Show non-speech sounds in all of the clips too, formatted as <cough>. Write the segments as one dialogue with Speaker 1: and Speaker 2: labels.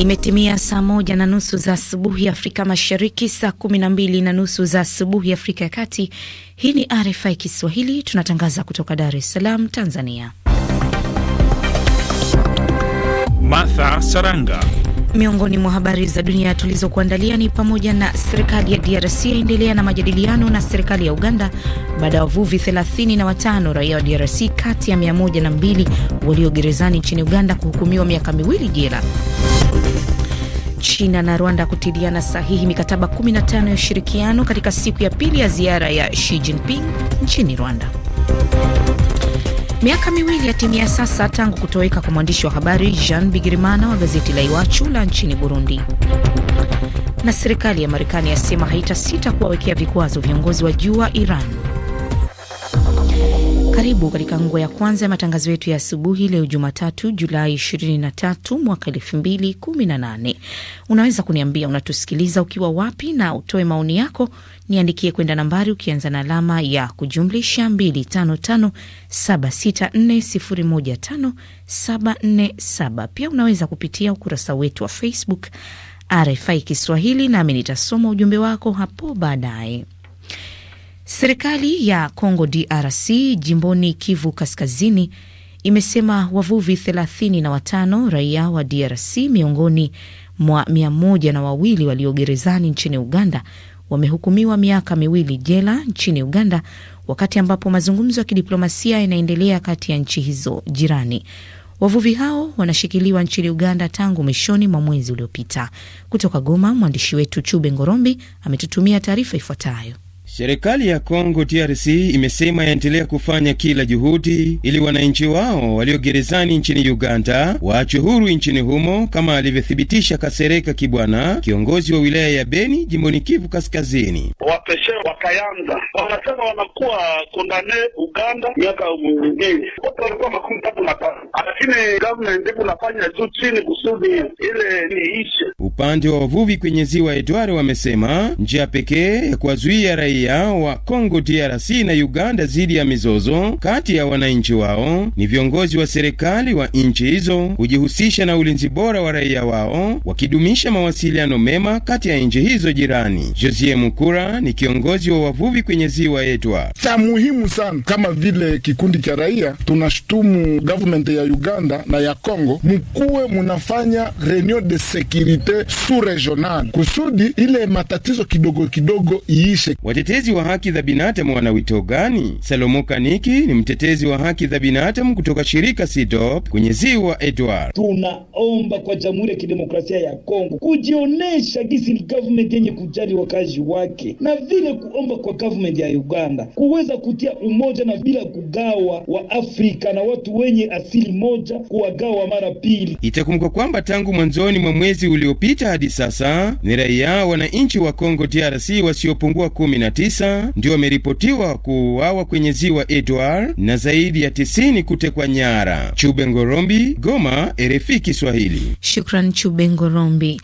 Speaker 1: Imetimia saa moja na nusu za asubuhi Afrika Mashariki, saa kumi na mbili na nusu za asubuhi Afrika ya Kati. Hii ni RFI Kiswahili, tunatangaza kutoka Dar es Salaam, Tanzania.
Speaker 2: Martha Saranga.
Speaker 1: Miongoni mwa habari za dunia tulizokuandalia ni pamoja na serikali ya DRC yaendelea na majadiliano na serikali ya Uganda baada ya wavuvi 35 raia wa DRC kati ya 102 walio gerezani nchini Uganda kuhukumiwa miaka miwili jela. China na Rwanda kutiliana sahihi mikataba 15 ya ushirikiano katika siku ya pili ya ziara ya Xi Jinping nchini Rwanda. Miaka miwili yatimia sasa tangu kutoweka kwa mwandishi wa habari Jean Bigirimana wa gazeti la Iwachu la nchini Burundi. Na serikali ya Marekani yasema haitasita kuwawekea vikwazo viongozi wa juu wa Iran. Karibu katika nguo ya kwanza ya matangazo yetu ya asubuhi leo Jumatatu, Julai 23 mwaka 2018. Unaweza kuniambia unatusikiliza ukiwa wapi na utoe maoni yako, niandikie kwenda nambari ukianza na alama ya kujumlisha 255764015747. Pia unaweza kupitia ukurasa wetu wa Facebook RFI Kiswahili, nami nitasoma ujumbe wako hapo baadaye. Serikali ya congo DRC jimboni Kivu Kaskazini imesema wavuvi 35 raia wa DRC miongoni mwa mia moja na wawili walio gerezani nchini Uganda wamehukumiwa miaka miwili jela nchini Uganda, wakati ambapo mazungumzo ya kidiplomasia yanaendelea kati ya nchi hizo jirani. Wavuvi hao wanashikiliwa nchini Uganda tangu mwishoni mwa mwezi uliopita. Kutoka Goma, mwandishi wetu Chube Ngorombi ametutumia taarifa ifuatayo.
Speaker 3: Serikali ya Kongo trc imesema yaendelea kufanya kila juhudi ili wananchi wao walio gerezani nchini Uganda waachwe huru nchini humo, kama alivyothibitisha Kasereka Kibwana, kiongozi wa wilaya ya Beni jimboni Kivu Kaskazini.
Speaker 2: Wapeshe wakayanza wanasema wanakuwa kondane Uganda miaka mingine wote walikuwa makumi tatu na tatu, lakini government nafanya juu chini kusudi ile niishe.
Speaker 3: Upande wa wavuvi kwenye ziwa Edward wamesema njia pekee ya kuwazuia raia raia wa Kongo DRC na Uganda dhidi ya mizozo kati ya wananchi wao, ni viongozi wa serikali wa nchi hizo kujihusisha na ulinzi bora wa raia wao, wakidumisha mawasiliano mema kati ya nchi hizo jirani. Josie Mukura ni kiongozi wa wavuvi kwenye ziwa Etwa.
Speaker 2: cha muhimu sana kama vile kikundi cha raia tunashutumu government ya Uganda na ya Kongo, mukuwe munafanya reunion de securite sous regional kusudi ile matatizo kidogo kidogo iishe
Speaker 3: mtetezi wa haki za binadamu wana wito gani? Salomo Kaniki ni mtetezi wa haki za binadamu kutoka shirika SIDOP kwenye ziwa Edward. Tunaomba kwa Jamhuri ya Kidemokrasia ya Kongo kujionesha gisi ni government yenye kujali wakazi wake, na vile kuomba kwa government ya Uganda kuweza kutia umoja na bila kugawa wa Afrika na watu wenye asili moja kuwagawa mara pili. Itakumbuka kwamba tangu mwanzoni mwa mwezi uliopita hadi sasa ni raia wananchi wa Kongo DRC wasiopungua kumi na tisa ndio wameripotiwa kuuawa kwenye ziwa Edward na zaidi ya tisini kutekwa nyara. Chubengorombi, Goma, RFI Kiswahili.
Speaker 1: Shukran Chubengorombi.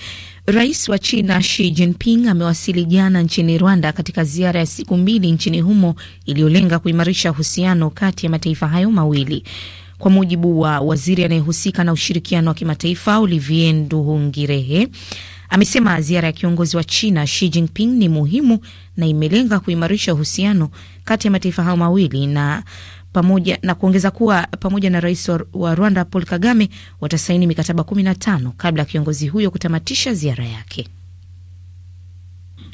Speaker 1: Rais wa China Xi Jinping amewasili jana nchini Rwanda katika ziara ya siku mbili nchini humo iliyolenga kuimarisha uhusiano kati ya mataifa hayo mawili. Kwa mujibu wa waziri anayehusika na ushirikiano wa kimataifa Olivier Nduhungirehe, amesema ziara ya kiongozi wa China Xi Jinping ni muhimu na imelenga kuimarisha uhusiano kati ya mataifa hayo mawili na pamoja na kuongeza kuwa pamoja na rais wa Rwanda Paul Kagame watasaini mikataba 15 kabla ya kiongozi huyo kutamatisha ziara yake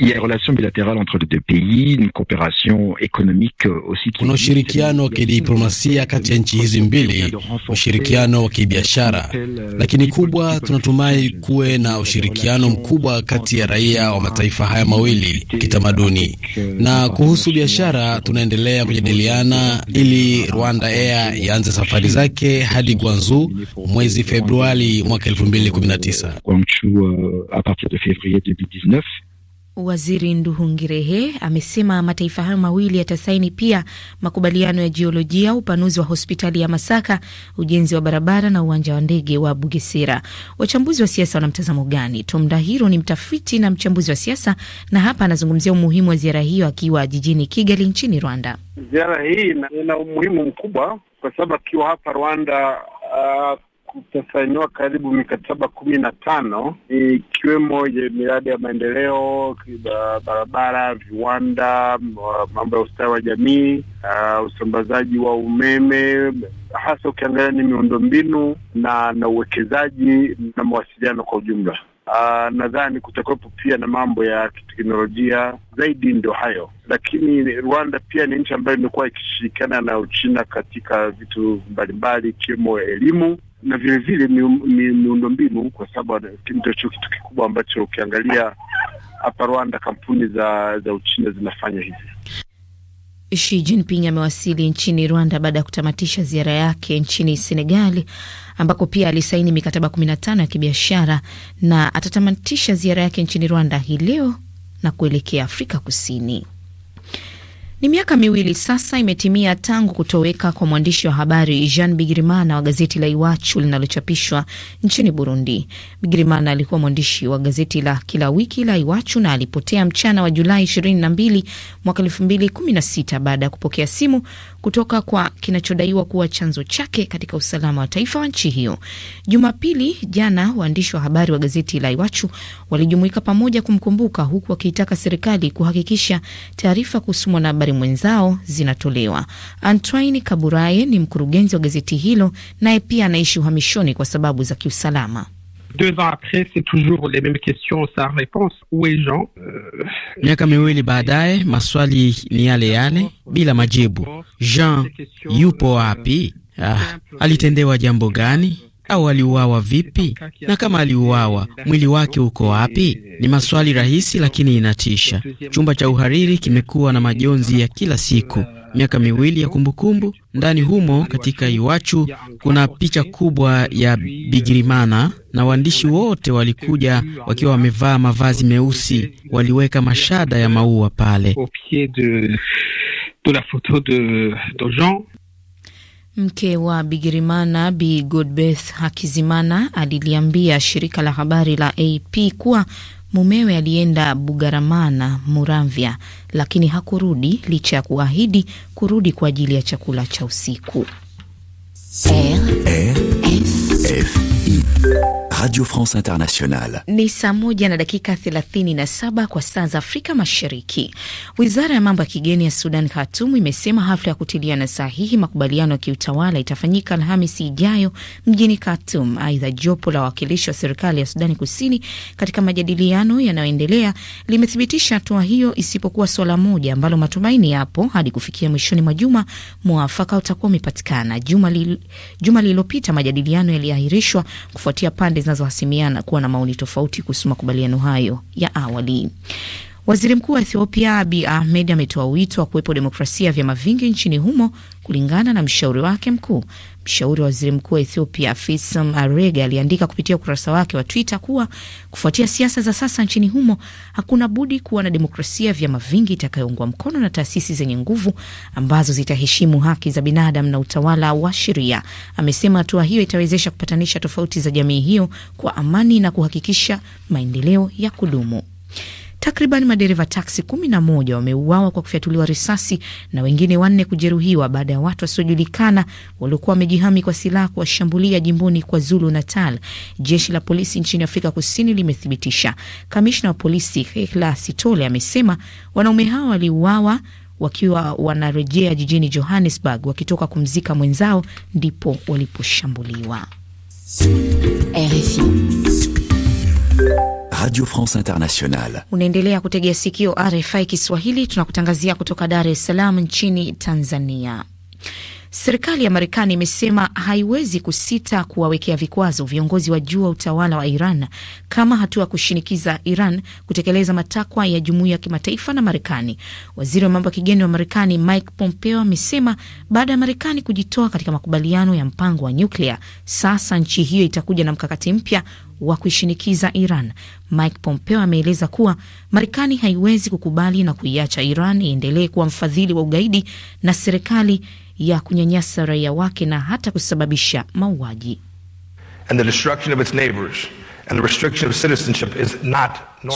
Speaker 2: il y a une relation bilatérale entre les deux pays, une coopération économique euh, aussi. Kuna ushirikiano wa kidiplomasia kati ya nchi hizi mbili,
Speaker 4: ushirikiano wa kibiashara, euh, lakini kubwa, tunatumai kuwe na ushirikiano mkubwa kati ya raia wa mataifa haya mawili kitamaduni. Euh, na kuhusu biashara, tunaendelea kujadiliana ili Rwanda Air ianze safari zake hadi Gwanzu mwezi Februari mwaka
Speaker 2: 2019.
Speaker 1: Waziri Nduhungirehe amesema mataifa hayo mawili yatasaini pia makubaliano ya jiolojia, upanuzi wa hospitali ya Masaka, ujenzi wa barabara na uwanja wa ndege wa Bugesera. Wachambuzi wa siasa wana mtazamo gani? Tom Dahiro ni mtafiti na mchambuzi wa siasa na hapa anazungumzia umuhimu wa ziara hiyo akiwa jijini Kigali nchini Rwanda.
Speaker 2: Ziara hii ina umuhimu mkubwa kwa sababu akiwa hapa Rwanda uh, kutasainiwa karibu mikataba kumi na tano ikiwemo e, miradi ya maendeleo, barabara, viwanda, mambo ya ustawi wa jamii, uh, usambazaji wa umeme hasa ukiangalia ni miundombinu na na uwekezaji na mawasiliano kwa ujumla. Uh, nadhani kutakuwepo pia na mambo ya kiteknolojia zaidi, ndio hayo. Lakini Rwanda pia ni nchi ambayo imekuwa ikishirikiana na Uchina katika vitu mbalimbali ikiwemo elimu na vile vile mbinu kwa sababu ndicho kitu kikubwa ambacho ukiangalia hapa Rwanda kampuni za, za Uchina zinafanya hivi.
Speaker 1: Xi Jinping amewasili nchini Rwanda baada ya kutamatisha ziara yake nchini Senegali ambako pia alisaini mikataba 15 ya kibiashara na atatamatisha ziara yake nchini Rwanda hii leo na kuelekea Afrika Kusini. Ni miaka miwili sasa imetimia tangu kutoweka kwa mwandishi wa habari Jean Bigirimana wa gazeti la Iwachu linalochapishwa nchini Burundi. Bigirimana alikuwa mwandishi wa gazeti la kila wiki la Iwachu na alipotea mchana wa Julai 22 mwaka 2016 baada ya kupokea simu kutoka kwa kinachodaiwa kuwa chanzo chake katika usalama wa taifa wa nchi hiyo. Jumapili jana, waandishi wa habari wa gazeti la Iwachu walijumuika pamoja kumkumbuka, huku wakiitaka serikali kuhakikisha taarifa kuhusu mwanahabari mwenzao zinatolewa. Antoine Kaburaye ni mkurugenzi wa gazeti hilo, naye pia anaishi uhamishoni kwa sababu za kiusalama.
Speaker 2: Deux ans après, c'est toujours les mêmes questions sans réponse. Où est Jean?
Speaker 5: Euh, Miaka miwili baadaye, maswali ni yale yale bila majibu. Jean yupo wapi? Ah, alitendewa jambo gani? Au aliuawa vipi? Na kama aliuawa, mwili wake uko wapi? Ni maswali rahisi, lakini inatisha. Chumba cha uhariri kimekuwa na majonzi ya kila siku miaka miwili ya kumbukumbu. Ndani humo katika Iwachu kuna picha kubwa ya Bigirimana na waandishi wote walikuja wakiwa wamevaa mavazi meusi, waliweka mashada ya maua pale.
Speaker 1: Mke wa Bigirimana Bi Godbeth Hakizimana aliliambia shirika la habari la AP kuwa Mumewe alienda Bugaramana, Muramvya, lakini hakurudi licha ya kuahidi kurudi kwa ajili ya chakula cha usiku. R. R. Radio France Internationale. Ni saa moja na dakika 37 kwa saa za Afrika Mashariki. Wizara ya mambo ya kigeni ya Sudan Khartoum imesema hafla ya kutiliana sahihi makubaliano ya kiutawala itafanyika Alhamisi ijayo mjini Khartoum. Aidha, jopo la wawakilishi wa serikali ya Sudani Kusini katika majadiliano yanayoendelea limethibitisha hatua hiyo, isipokuwa swala moja ambalo matumaini yapo hadi kufikia mwishoni mwa juma mwafaka utakuwa umepatikana. Juma lililopita majadiliano yaliahirishwa kufuatia pande za zinazohasimiana kuwa na maoni tofauti kuhusu makubaliano hayo ya awali. Waziri mkuu wa Ethiopia Abi Ahmed ametoa wito wa kuwepo demokrasia ya vyama vingi nchini humo kulingana na mshauri wake mkuu. Mshauri wa waziri mkuu wa Ethiopia Fisam Arega aliandika kupitia ukurasa wake wa Twitter kuwa kufuatia siasa za sasa nchini humo, hakuna budi kuwa na demokrasia ya vyama vingi itakayoungwa mkono na taasisi zenye nguvu ambazo zitaheshimu haki za binadamu na utawala wa sheria. Amesema hatua hiyo itawezesha kupatanisha tofauti za jamii hiyo kwa amani na kuhakikisha maendeleo ya kudumu. Takriban madereva taksi kumi na moja wameuawa kwa kufyatuliwa risasi na wengine wanne kujeruhiwa baada ya watu wasiojulikana waliokuwa wamejihami kwa silaha kuwashambulia jimboni kwa Zulu Natal, jeshi la polisi nchini Afrika Kusini limethibitisha. Kamishna wa polisi Hekla Sitole amesema wanaume hao waliuawa wakiwa wanarejea jijini Johannesburg wakitoka kumzika mwenzao ndipo waliposhambuliwa. RFI Radio France Internationale. Unaendelea kutegea sikio RFI Kiswahili, tunakutangazia kutoka Dar es Salaam nchini Tanzania. Serikali ya Marekani imesema haiwezi kusita kuwawekea vikwazo viongozi wa juu wa utawala wa Iran kama hatua kushinikiza Iran kutekeleza matakwa ya jumuiya ya kimataifa na Marekani. Waziri wa mambo ya kigeni wa Marekani Mike Pompeo amesema baada ya Marekani kujitoa katika makubaliano ya mpango wa nyuklia, sasa nchi hiyo itakuja na mkakati mpya wa kuishinikiza Iran. Mike Pompeo ameeleza kuwa Marekani haiwezi kukubali na kuiacha Iran iendelee kuwa mfadhili wa ugaidi na serikali ya kunyanyasa raia wake na hata kusababisha mauaji.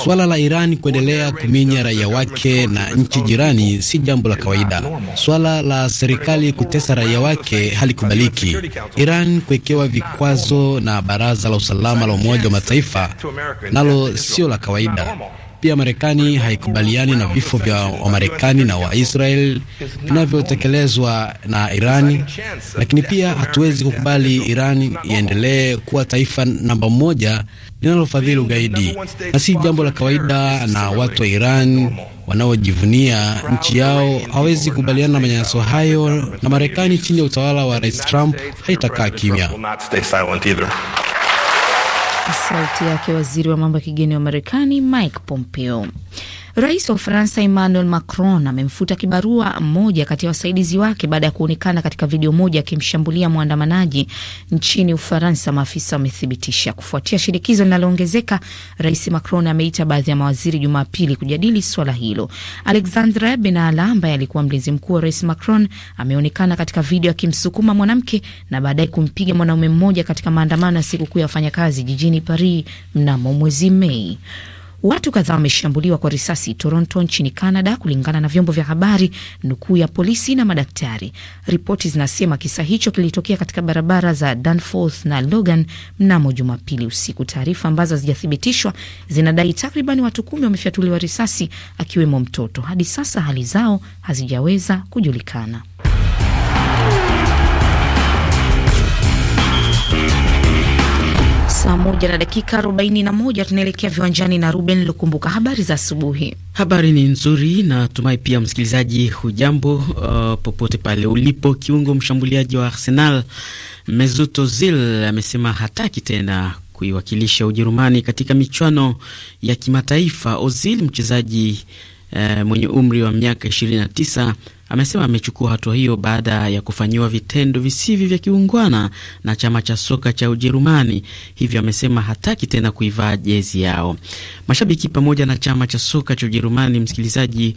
Speaker 4: suala la Iran kuendelea kuminya raia wake na nchi jirani si jambo la kawaida. Swala la serikali kutesa raia wake halikubaliki. Iran kuwekewa vikwazo na Baraza la Usalama la Umoja wa Mataifa nalo sio la kawaida. Pia Marekani haikubaliani na vifo vya Wamarekani na Waisrael vinavyotekelezwa na Irani, lakini pia hatuwezi kukubali Irani iendelee kuwa taifa namba moja linalofadhili ugaidi, na si jambo la kawaida. Na watu wa Iran wanaojivunia nchi yao hawezi kukubaliana na manyanyaso hayo, na Marekani chini ya utawala wa Rais Trump haitakaa kimya.
Speaker 1: Sauti yake waziri wa mambo ya kigeni wa Marekani Mike Pompeo. Rais wa Ufaransa Emmanuel Macron amemfuta kibarua mmoja kati ya wasaidizi wake baada ya kuonekana katika video moja akimshambulia mwandamanaji nchini Ufaransa, maafisa wamethibitisha. Kufuatia shinikizo linaloongezeka, Rais Macron ameita baadhi ya mawaziri Jumapili kujadili swala hilo. Alexandre Benalla ambaye alikuwa mlinzi mkuu wa Rais Macron ameonekana katika video akimsukuma mwanamke na baadaye kumpiga mwanaume mmoja katika maandamano ya sikukuu ya wafanyakazi jijini Paris mnamo mwezi Mei. Watu kadhaa wameshambuliwa kwa risasi Toronto nchini Canada, kulingana na vyombo vya habari, nukuu ya polisi na madaktari. Ripoti zinasema kisa hicho kilitokea katika barabara za Danforth na Logan mnamo Jumapili usiku. Taarifa ambazo hazijathibitishwa zinadai takriban watu kumi wamefyatuliwa risasi, akiwemo mtoto. Hadi sasa hali zao hazijaweza kujulikana. Saa moja na dakika moja tunaelekea viwanjani na Ruben Lukumbuka. Habari za asubuhi.
Speaker 5: Habari ni nzuri, natumai pia msikilizaji hujambo, uh, popote pale ulipo. Kiungo mshambuliaji wa Arsenal Mesut Ozil amesema hataki tena kuiwakilisha Ujerumani katika michuano ya kimataifa. Ozil mchezaji uh, mwenye umri wa miaka 29 amesema amechukua hatua hiyo baada ya kufanyiwa vitendo visivyo vya kiungwana na chama cha soka cha Ujerumani. Hivyo amesema hataki tena kuivaa jezi yao. Mashabiki pamoja na chama cha soka cha Ujerumani, msikilizaji,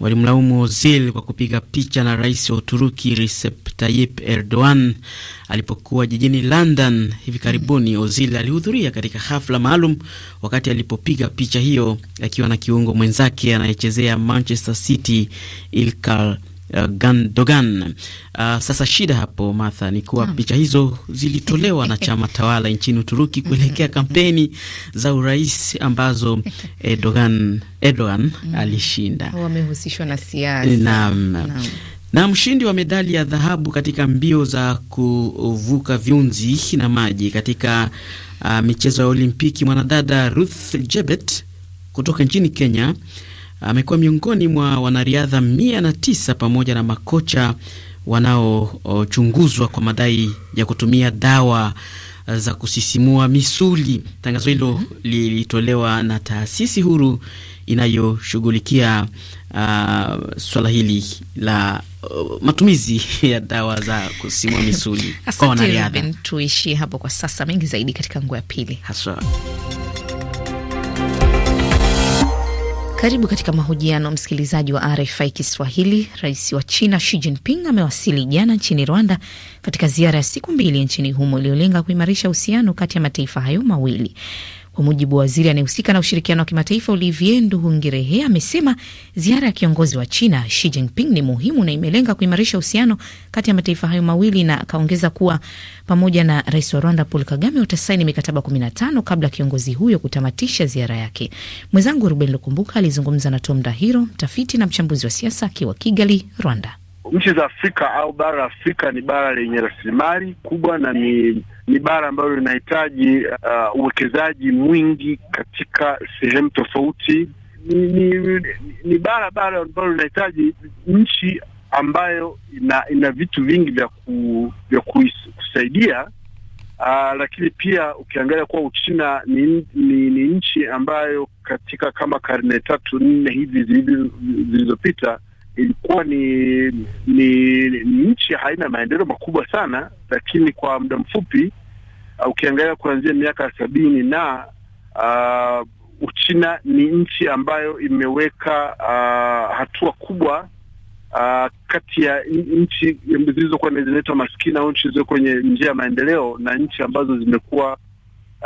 Speaker 5: walimlaumu Ozil kwa kupiga picha na rais wa Uturuki Recep Tayyip Erdogan alipokuwa jijini London hivi karibuni. Ozil alihudhuria katika hafla maalum wakati alipopiga picha hiyo akiwa na kiungo mwenzake anayechezea Manchester City Ilkay Uh, Gandogan. Uh, sasa shida hapo Martha ni kuwa hmm. picha hizo zilitolewa na chama <laughs> tawala nchini Uturuki kuelekea kampeni za urais ambazo Erdogan, Erdogan mm, alishinda.
Speaker 1: Wamehusishwa na siasa. Naam.
Speaker 5: Na mshindi wa medali ya dhahabu katika mbio za kuvuka viunzi na maji katika uh, michezo ya Olimpiki, mwanadada Ruth Jebet kutoka nchini Kenya amekuwa uh, miongoni mwa wanariadha mia na tisa pamoja na makocha wanaochunguzwa kwa madai ya kutumia dawa za kusisimua misuli. Tangazo hilo lilitolewa na taasisi huru inayoshughulikia uh, swala hili la uh, matumizi <laughs> ya dawa za kusimua misuli <laughs> kwa wanariadha.
Speaker 1: Tuishie hapo kwa sasa, mengi zaidi katika nguo ya pili haswa. Karibu katika mahojiano, msikilizaji wa RFI Kiswahili. Rais wa China Xi Jinping amewasili jana nchini Rwanda katika ziara ya siku mbili nchini humo iliyolenga kuimarisha uhusiano kati ya mataifa hayo mawili. Kwa mujibu wa waziri anayehusika na ushirikiano wa kimataifa Olivier Nduhungirehe, amesema ziara ya kiongozi wa China Xi Jinping ni muhimu na imelenga kuimarisha uhusiano kati ya mataifa hayo mawili, na akaongeza kuwa pamoja na rais wa Rwanda Paul Kagame watasaini mikataba 15 kabla ya kiongozi huyo kutamatisha ziara yake. Mwenzangu Ruben Lukumbuka alizungumza na Tom Dahiro, mtafiti na mchambuzi wa siasa, akiwa Kigali, Rwanda.
Speaker 2: Nchi za Afrika au bara la Afrika ni bara lenye rasilimali kubwa na ni ni bara ambalo linahitaji uh, uwekezaji mwingi katika sehemu tofauti. Ni, ni, ni bara bara ambalo linahitaji nchi ambayo ina, ina vitu vingi vya ku, vya kusaidia uh, lakini pia ukiangalia kuwa Uchina ni, ni, ni nchi ambayo katika kama karne tatu nne hivi zilizopita ilikuwa ni ni, ni nchi haina maendeleo makubwa sana, lakini kwa muda mfupi uh, ukiangalia kuanzia miaka ya sabini na uh, Uchina ni nchi ambayo imeweka uh, hatua kubwa uh, kati ya nchi zilizokuwa zinaitwa maskini au nchi zilizo kwenye njia ya maendeleo na nchi ambazo zimekuwa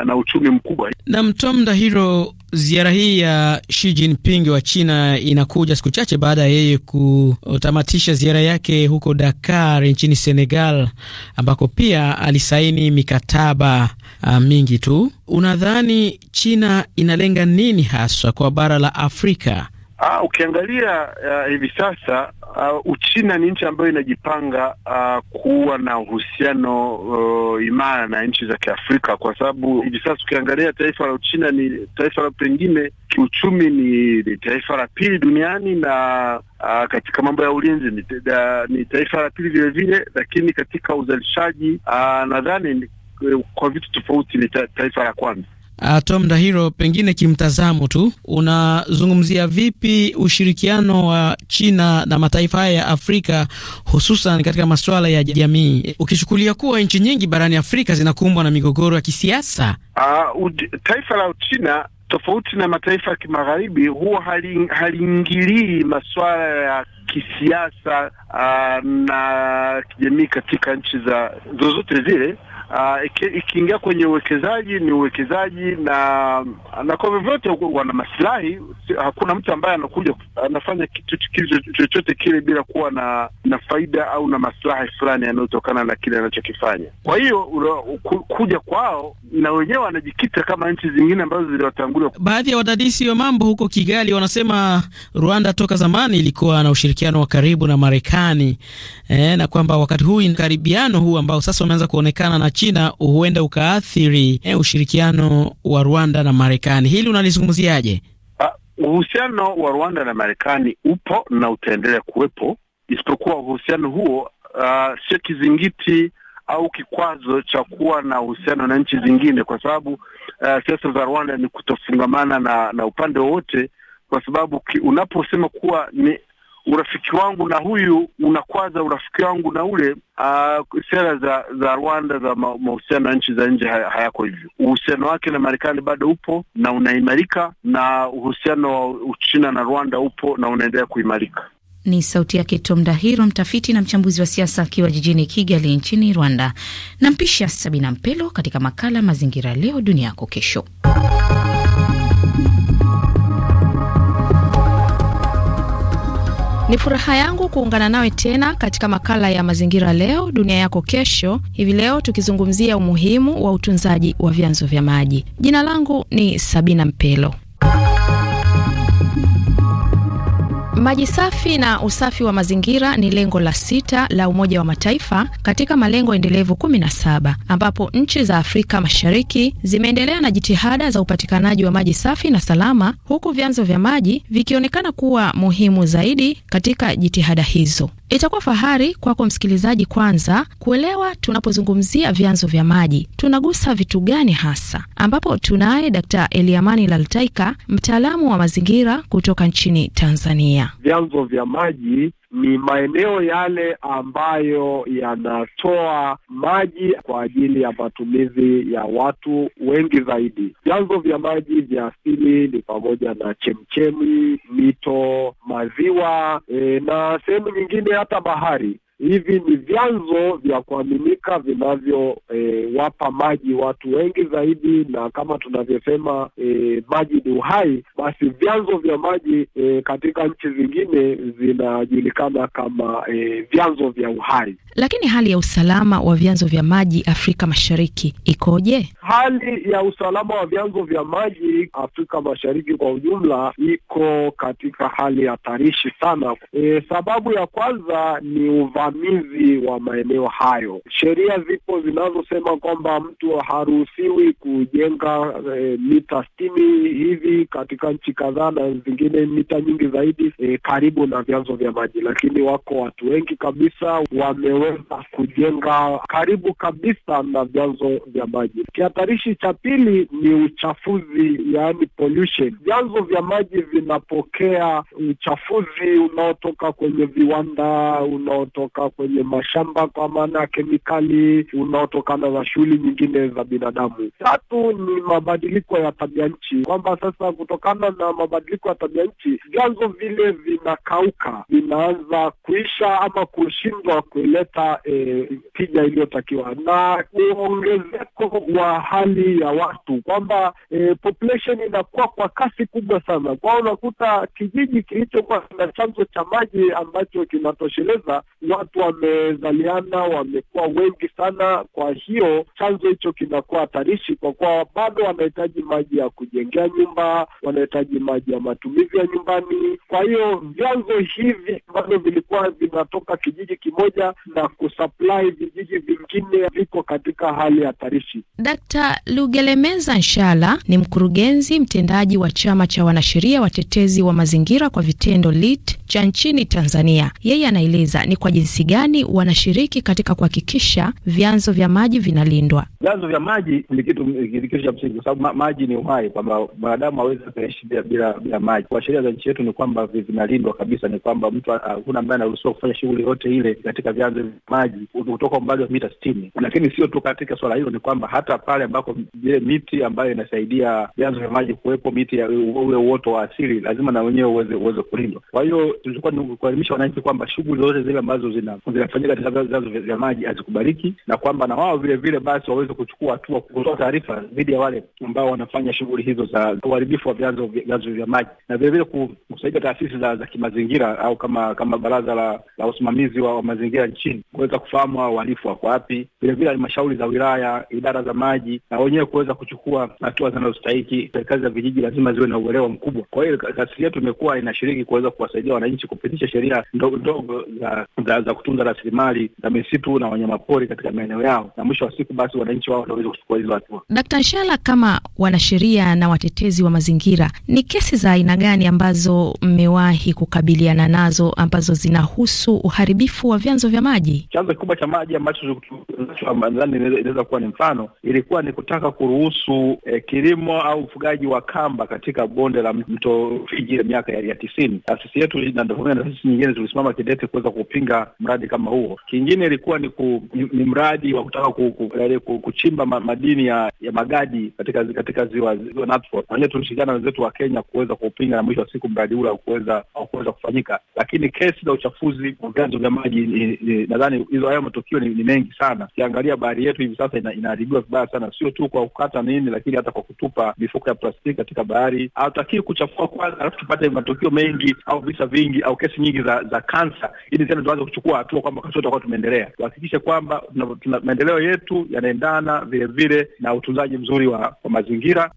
Speaker 2: na uchumi mkubwa.
Speaker 5: Na Tom Ndahiro, ziara hii ya Xi Jinping wa China inakuja siku chache baada ya yeye kutamatisha ziara yake huko Dakar nchini Senegal, ambako pia alisaini mikataba uh, mingi tu. Unadhani China inalenga nini haswa kwa bara la Afrika?
Speaker 2: Ah, ukiangalia uh, hivi sasa uh, Uchina ni nchi ambayo inajipanga uh, kuwa na uhusiano uh, imara na nchi za Kiafrika kwa sababu hivi sasa ukiangalia taifa la Uchina ni taifa la pengine kiuchumi ni, ni taifa la pili duniani na uh, katika mambo ya ulinzi ni, da, ni taifa la pili vile vile, lakini katika uzalishaji uh, nadhani kwa vitu tofauti ni ta, taifa la kwanza.
Speaker 5: Uh, Tom Ndahiro, pengine kimtazamo tu, unazungumzia vipi ushirikiano wa China na mataifa haya ya Afrika hususan katika masuala ya jamii, ukichukulia kuwa nchi nyingi barani Afrika zinakumbwa na migogoro ya kisiasa?
Speaker 2: Uh, taifa la Uchina tofauti na mataifa ya kimagharibi huwa haliingilii masuala ya kisiasa uh, na kijamii katika nchi za zozote zile uh, ikiingia kwenye uwekezaji ni uwekezaji, na na kwa vyovyote wana masilahi Hakuna mtu ambaye anakuja anafanya kitu chochote kile bila kuwa na na faida au na maslahi fulani yanayotokana na kile anachokifanya. Kwa hiyo kuja kwao, na wenyewe wanajikita kama nchi zingine ambazo ziliwatangulia.
Speaker 5: Baadhi ya wadadisi wa mambo huko Kigali wanasema Rwanda toka zamani ilikuwa na ushirikiano wa karibu na Marekani e, na kwamba wakati huu karibiano huu ambao sasa wameanza kuonekana na China huenda ukaathiri eh, ushirikiano wa Rwanda na Marekani. Hili unalizungumziaje?
Speaker 2: Ah, uhusiano wa Rwanda na Marekani upo na utaendelea kuwepo, isipokuwa uhusiano huo uh, sio kizingiti au kikwazo cha kuwa na uhusiano na nchi zingine, kwa sababu uh, siasa za Rwanda ni kutofungamana na, na upande wowote, kwa sababu unaposema kuwa ni urafiki wangu na huyu unakwaza urafiki wangu na ule. Uh, sera za za Rwanda za mahusiano ya nchi za nje hayako hivyo. Uhusiano wake na Marekani bado upo na unaimarika, na uhusiano wa Uchina na Rwanda upo na unaendelea kuimarika.
Speaker 1: Ni sauti yake Tom Dahiro, mtafiti na mchambuzi wa siasa akiwa jijini Kigali nchini Rwanda. Nampisha Sabina Mpelo katika makala Mazingira Leo Dunia Yako Kesho. Ni furaha yangu kuungana
Speaker 6: nawe tena katika makala ya mazingira leo dunia yako kesho, hivi leo tukizungumzia umuhimu wa utunzaji wa vyanzo vya maji. Jina langu ni Sabina Mpelo. Maji safi na usafi wa mazingira ni lengo la sita la Umoja wa Mataifa katika malengo endelevu 17 ambapo nchi za Afrika Mashariki zimeendelea na jitihada za upatikanaji wa maji safi na salama, huku vyanzo vya maji vikionekana kuwa muhimu zaidi katika jitihada hizo. Itakuwa fahari kwako msikilizaji kwanza kuelewa tunapozungumzia vyanzo vya maji tunagusa vitu gani hasa, ambapo tunaye Dkt. Eliamani Laltaika, mtaalamu wa mazingira kutoka nchini Tanzania.
Speaker 2: Vyanzo vya maji ni maeneo yale ambayo yanatoa maji kwa ajili ya matumizi ya watu wengi zaidi. Vyanzo vya maji vya asili ni pamoja na chemchemi, mito, maziwa e, na sehemu nyingine hata bahari. Hivi ni vyanzo vya kuaminika vinavyowapa eh, e, maji watu wengi zaidi, na kama tunavyosema e, maji ni uhai, basi vyanzo vya maji e, katika nchi zingine zinajulikana kama e, vyanzo vya uhai.
Speaker 6: Lakini hali ya usalama wa vyanzo vya maji Afrika Mashariki
Speaker 2: ikoje? Hali ya usalama wa vyanzo vya maji Afrika Mashariki kwa ujumla iko katika hali hatarishi sana. E, sababu ya kwanza ni uvamizi wa maeneo hayo. Sheria zipo zinazosema kwamba mtu haruhusiwi kujenga e, mita sitini hivi katika nchi kadhaa na zingine mita nyingi zaidi e, karibu na vyanzo vya maji, lakini wako watu wengi kabisa wame kuweza kujenga karibu kabisa na vyanzo vya maji. Kihatarishi cha pili ni uchafuzi, yaani pollution. Vyanzo vya maji vinapokea uchafuzi unaotoka kwenye viwanda, unaotoka kwenye mashamba, kwa maana ya kemikali, unaotokana na shughuli nyingine za binadamu. Tatu ni mabadiliko ya tabia nchi, kwamba sasa kutokana na mabadiliko ya tabia nchi vyanzo vile vinakauka, vinaanza kuisha ama kushindwa kuleta kupata e, tija iliyotakiwa, na uongezeko wa hali ya watu kwamba eh, population inakuwa kwa kasi kubwa sana. Kwao unakuta kijiji kilichokuwa na chanzo cha maji ambacho kinatosheleza watu wamezaliana, wamekuwa wengi sana. Kwa hiyo chanzo hicho kinakuwa hatarishi, kwa kuwa bado wanahitaji maji ya kujengea nyumba, wanahitaji maji ya matumizi ya nyumbani. Kwa hiyo vyanzo hivi ambavyo vilikuwa vinatoka kijiji kimoja na kusupply vijiji vingine viko katika hali hatarishi.
Speaker 6: Dkt. Lugelemeza Nshala ni mkurugenzi mtendaji wa chama cha wanasheria watetezi wa mazingira kwa vitendo LIT cha nchini Tanzania. Yeye anaeleza ni kwa jinsi gani wanashiriki katika kuhakikisha vyanzo vya maji vinalindwa.
Speaker 2: Vyanzo vya maji ni kitu kitu cha msingi, kwa sababu ma, maji ni uhai, kwamba mwanadamu hawezi kuishi bila bila maji. Kwa sheria za nchi yetu ni kwamba vinalindwa kabisa, ni kwamba mtu hakuna ambaye anaruhusiwa kufanya shughuli yote ile katika vyanzo maji kutoka umbali wa mita sitini. Lakini sio tu katika swala hilo, ni kwamba hata pale ambako ile miti ambayo inasaidia vyanzo vya maji kuwepo, miti ya ule uoto wa asili lazima na wenyewe uweze uweze kulindwa. Kwa hiyo tulikuwa ni kuwaelimisha wananchi kwamba shughuli zote zile ambazo zinafanyika katika vyanzo vya maji hazikubariki na kwamba na wao vile vile basi waweze kuchukua hatua, kutoa taarifa dhidi ya wale ambao wanafanya shughuli hizo za uharibifu wa vyanzo vya maji, na vilevile kusaidia taasisi za, za kimazingira au kama kama baraza la, la usimamizi wa, wa mazingira nchini kuweza kufahamu hao uhalifu wako wapi, vilevile halmashauri za wilaya, idara za maji na wenyewe kuweza kuchukua hatua zinazostahiki. Serikali za vijiji lazima ziwe na uelewa mkubwa. Kwa hiyo rasili yetu imekuwa inashiriki kuweza kuwasaidia wananchi kupitisha sheria ndogo ndogo za, za, za kutunza rasilimali za misitu na wanyamapori katika maeneo yao, na mwisho wa siku basi wananchi wao wataweza kuchukua hizo hatua.
Speaker 6: Dkt. Nshala, kama wanasheria na watetezi wa mazingira, ni kesi za aina gani ambazo mmewahi kukabiliana nazo ambazo zinahusu uharibifu wa vyanzo vya maji? maji.
Speaker 2: Chanzo kikubwa cha maji ambacho nadhani inaweza kuwa ni mfano, ilikuwa ni kutaka kuruhusu eh, kilimo au ufugaji wa kamba katika bonde la mto Fiji ya miaka ya tisini. Taasisi yetu na taasisi nyingine tulisimama kidete kuweza kupinga mradi kama huo. Kingine ilikuwa ni, ku, ni mradi wa kutaka ku, ku, eh, ku, kuchimba ma, madini ya, ya magadi katika katika ziwa ziwa Natron. Wenyewe tulishirikiana na wenzetu wa Kenya kuweza kupinga na mwisho wa siku mradi ule haukuweza kufanyika, lakini kesi za uchafuzi wa vyanzo vya maji nadhani hizo hayo matukio ni, ni mengi sana. Ukiangalia bahari yetu hivi sasa ina, inaharibiwa vibaya sana, sio tu kwa kukata nini, lakini hata kwa kutupa mifuko ya plastiki katika bahari. Hatutakii kuchafua kwanza, alafu tupate matukio mengi au visa vingi au kesi nyingi za za kansa, ili tena tuanze kuchukua hatua kwamba kasi tutakuwa tumeendelea. Tuhakikishe kwamba maendeleo yetu yanaendana vilevile na utunzaji mzuri wa, wa mazingira.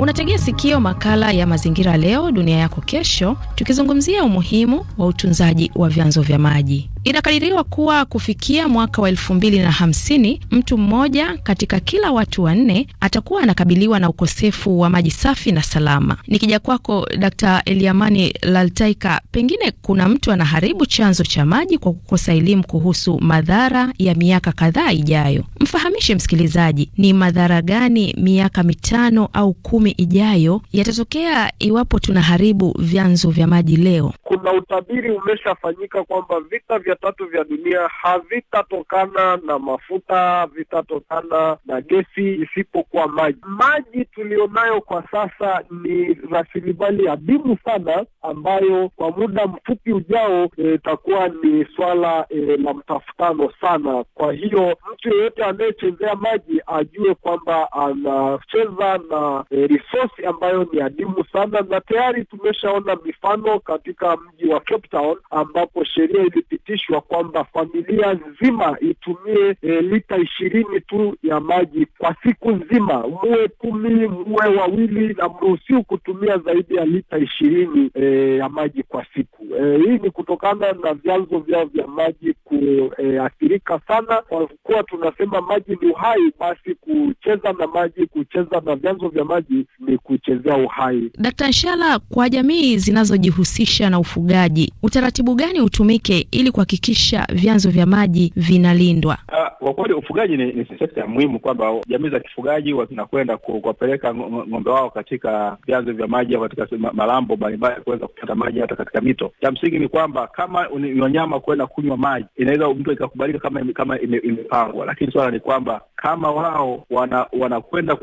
Speaker 6: Unategea sikio makala ya mazingira leo dunia yako kesho, tukizungumzia umuhimu wa utunzaji wa vyanzo vya maji. Inakadiriwa kuwa kufikia mwaka wa elfu mbili na hamsini mtu mmoja katika kila watu wanne atakuwa anakabiliwa na ukosefu wa maji safi na salama. Nikija kwako Dkt. Eliamani Laltaika, pengine kuna mtu anaharibu chanzo cha maji kwa kukosa elimu kuhusu madhara ya miaka kadhaa ijayo. Mfahamishe msikilizaji ni madhara gani miaka mitano au kumi ijayo yatatokea iwapo tunaharibu vyanzo vya maji leo.
Speaker 2: Kuna utabiri umeshafanyika kwamba vita vya vya tatu vya dunia havitatokana na mafuta, vitatokana na gesi isipokuwa maji. Maji tuliyonayo kwa sasa ni rasilimali adimu sana, ambayo kwa muda mfupi ujao e, itakuwa e, ni swala e, la mtafutano sana. Kwa hiyo mtu yeyote anayechezea maji ajue kwamba anacheza na e, risosi ambayo ni adimu sana, na tayari tumeshaona mifano katika mji wa Cape Town ambapo sheria ilipitishwa kuhakikishwa kwamba familia nzima itumie e, lita ishirini tu ya maji kwa siku nzima, muwe kumi, muwe wawili, na mruhusiu kutumia zaidi ya lita ishirini e, ya maji kwa siku e, hii ni kutokana na vyanzo vyao vya maji kuathirika e, sana. Kwa kuwa tunasema maji ni uhai, basi kucheza na maji, kucheza na vyanzo vya maji ni kuchezea uhai.
Speaker 6: Dkt. Nshala, kwa jamii zinazojihusisha na ufugaji, utaratibu gani utumike ili kwa kuhakikisha vyanzo vya maji vinalindwa?
Speaker 2: Ah, kwa kweli ufugaji ni, ni sekta ya muhimu, kwamba jamii za kifugaji zinakwenda kuwapeleka ng'ombe wao katika vyanzo vya maji au katika malambo mbalimbali kuweza kupata maji hata katika mito. Cha msingi ni kwamba kama ni wanyama kuenda kunywa maji, inaweza mtu ikakubalika kama kama imepangwa, lakini swala ni kwamba kama wao wanakwenda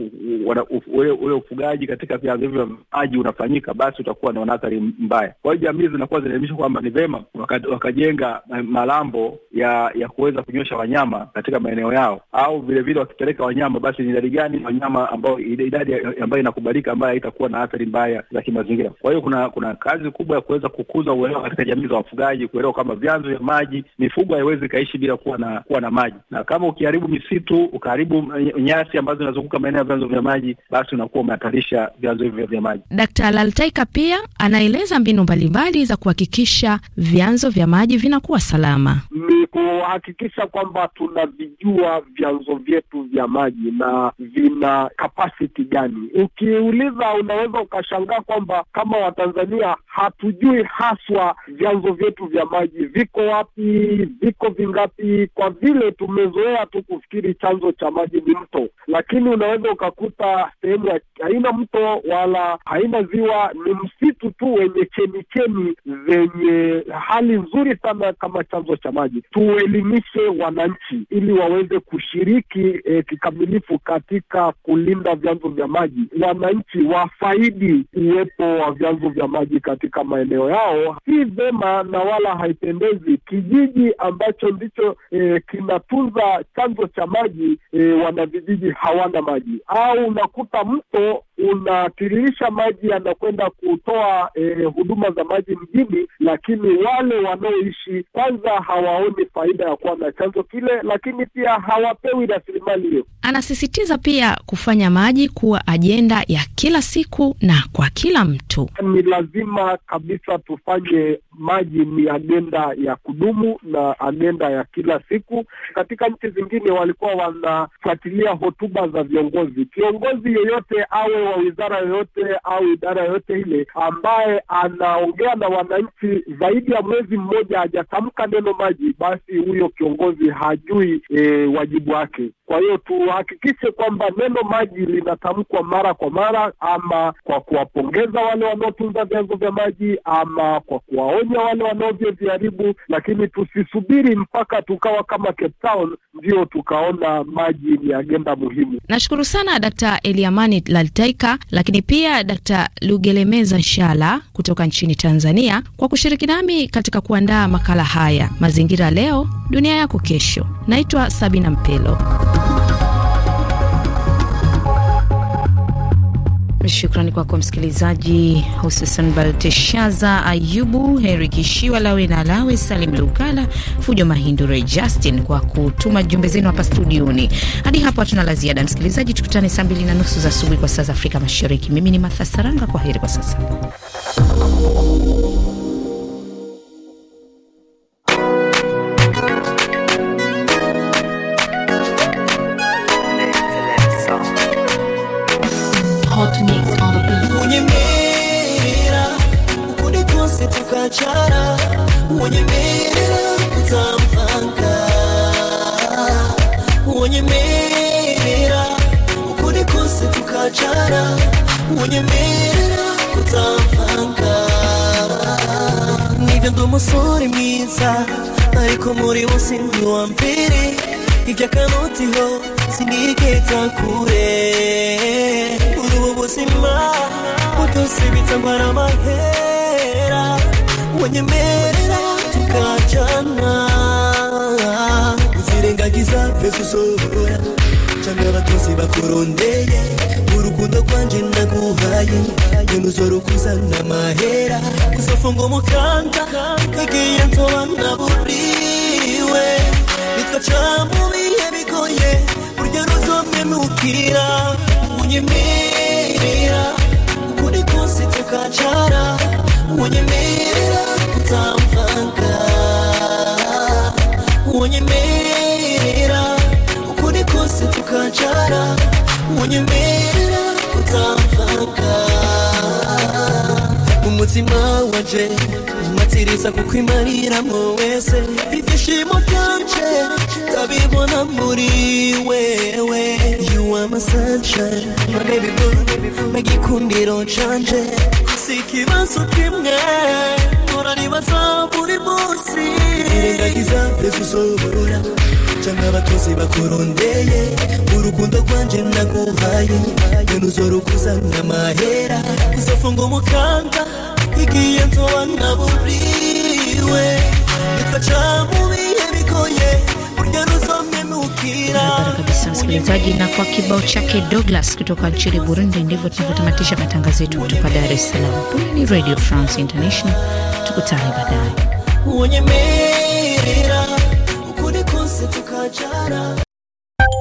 Speaker 2: wana ule wana, ufugaji katika vyanzo hivyo vya maji unafanyika, basi utakuwa na athari mbaya. Kwa hiyo jamii zinakuwa zinaelimisha kwamba ni vema wakajenga Eh, malambo ya ya kuweza kunywesha wanyama katika maeneo yao, au vilevile wakipeleka wanyama, basi ni idadi gani wanyama ambao idadi ambayo inakubalika ambayo haitakuwa na athari mbaya za kimazingira. Kwa hiyo kuna kuna kazi kubwa ya kuweza kukuza uelewa katika jamii za wafugaji, kuelewa kwamba vyanzo vya maji, mifugo haiwezi ikaishi bila kuwa na kuwa na maji, na kama ukiharibu misitu, ukaharibu nyasi ambazo zinazunguka maeneo ya vyanzo vya maji, basi unakuwa umehatarisha vyanzo hivyo vya maji.
Speaker 6: Dkt. Laltaika pia anaeleza mbinu mbalimbali za kuhakikisha vyanzo vya maji vinakuwa salama?
Speaker 2: Ni kuhakikisha kwamba tunavijua vyanzo vyetu vya maji na vina kapasiti gani. Ukiuliza, unaweza ukashangaa kwamba kama Watanzania hatujui haswa vyanzo vyetu vya maji viko wapi, viko vingapi, kwa vile tumezoea tu kufikiri chanzo cha maji ni mto, lakini unaweza ukakuta sehemu haina mto wala haina ziwa, ni msitu tu wenye chemichemi zenye hali nzuri sana kama kama chanzo cha maji. Tuelimishe wananchi ili waweze kushiriki e, kikamilifu katika kulinda vyanzo vya maji. Wananchi wafaidi uwepo wa vyanzo vya maji katika maeneo yao. Si vema na wala haipendezi kijiji ambacho ndicho e, kinatunza chanzo cha maji e, wanavijiji hawana maji, au unakuta mto unatiririsha maji yanakwenda kutoa e, huduma za maji mjini, lakini wale wanaoishi kwa kwanza hawaoni faida ya kuwa na chanzo kile, lakini pia hawapewi rasilimali hiyo.
Speaker 6: Anasisitiza pia kufanya maji kuwa ajenda ya kila siku na kwa kila mtu.
Speaker 2: Ni lazima kabisa tufanye maji ni ajenda ya kudumu na ajenda ya kila siku. Katika nchi zingine walikuwa wanafuatilia hotuba za viongozi. Kiongozi yeyote awe wa wizara yoyote au idara yoyote ile ambaye anaongea na wananchi zaidi ya mwezi mmoja hajatamka akitamka neno maji, basi huyo kiongozi hajui e, wajibu wake. Kwa hiyo tuhakikishe kwamba neno maji linatamkwa mara kwa mara, ama kwa kuwapongeza wale wanaotunza vyanzo vya maji, ama kwa kuwaonya wale wanaovyoviharibu, lakini tusisubiri mpaka tukawa kama Cape Town ndio tukaona maji ni agenda muhimu.
Speaker 6: Nashukuru sana d Eliamani Laltaika, lakini pia d Lugelemeza Nshala kutoka nchini Tanzania kwa kushiriki nami katika kuandaa makala haya. Mazingira leo, dunia yako kesho. Naitwa Sabina Mpelo.
Speaker 1: Shukrani kwako msikilizaji, hususan Balteshaza Ayubu, Heri Kishiwa, Lawe na Lawe, Salim Lukala, Fujo Mahindure, Justin kwa kutuma jumbe zenu hapa studioni. Hadi hapo hatuna la ziada, msikilizaji. Tukutane saa mbili na nusu za asubuhi kwa saa za Afrika Mashariki. Mimi ni Matha Saranga, kwa heri kwa sasa.
Speaker 7: nkunda umusore mwiza ariko muri bo si nk'uwa mbere iby'akanoti ho sinigeza kure ubu buzima bwose bitangwa n'amahera wanyemerera tukajyana uzirengagiza mbese usohora cyangwa abatozi bakurondeye urukundo rwanjye naguhaye niluzwa rukuza na mahera usofunga mukanga igiye nsobanuriwe bitwaca mu bihe bigoye burya ruzomemukira unyemerera ukuri kose tukacara unyemerera kutamvanga unyemerera ukuri kose tukacara unyemerera kutamvanga umutima waje matiriza kuko imariramo wese ibyishimo byanje ndabibona muri wewe you are my sunshine my baby boo magikundiro canje si ikibazo kimwe uranibaza buri munsi irengagiza mbese uzobora cyangwa abatozi bakurondeye urukundo rwanje naguhaye none uzorukuza n'amahera uzofunga umukanda
Speaker 1: msikilizaji, na kwa kibao chake Douglas kutoka nchini Burundi, ndivyo tunavyotamatisha matangazo yetu kutoka Dar es Salaam. Ni Radio France International, tukutane baadaye.